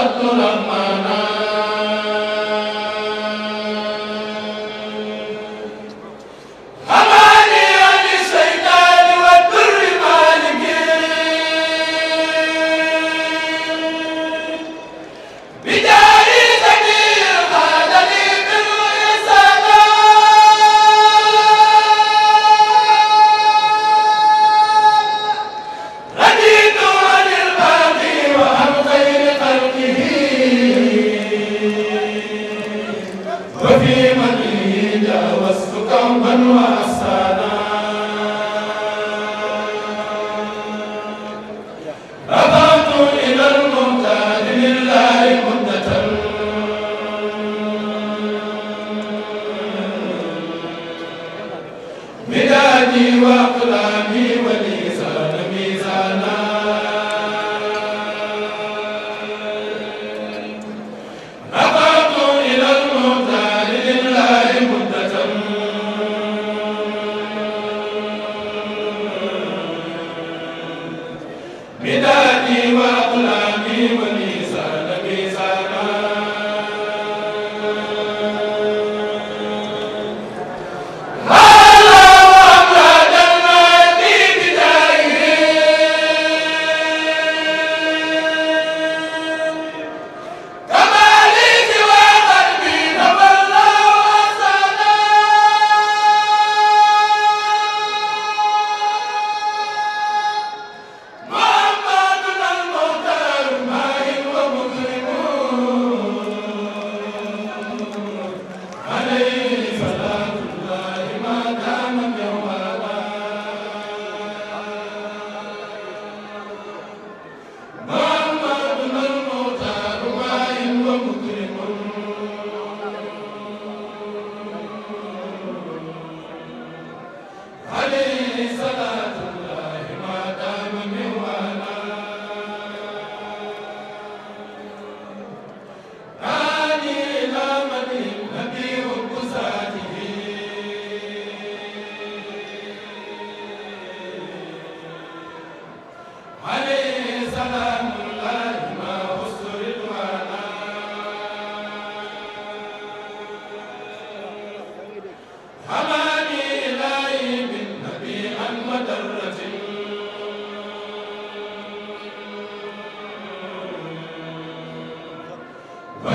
abdu rahmaan wa wa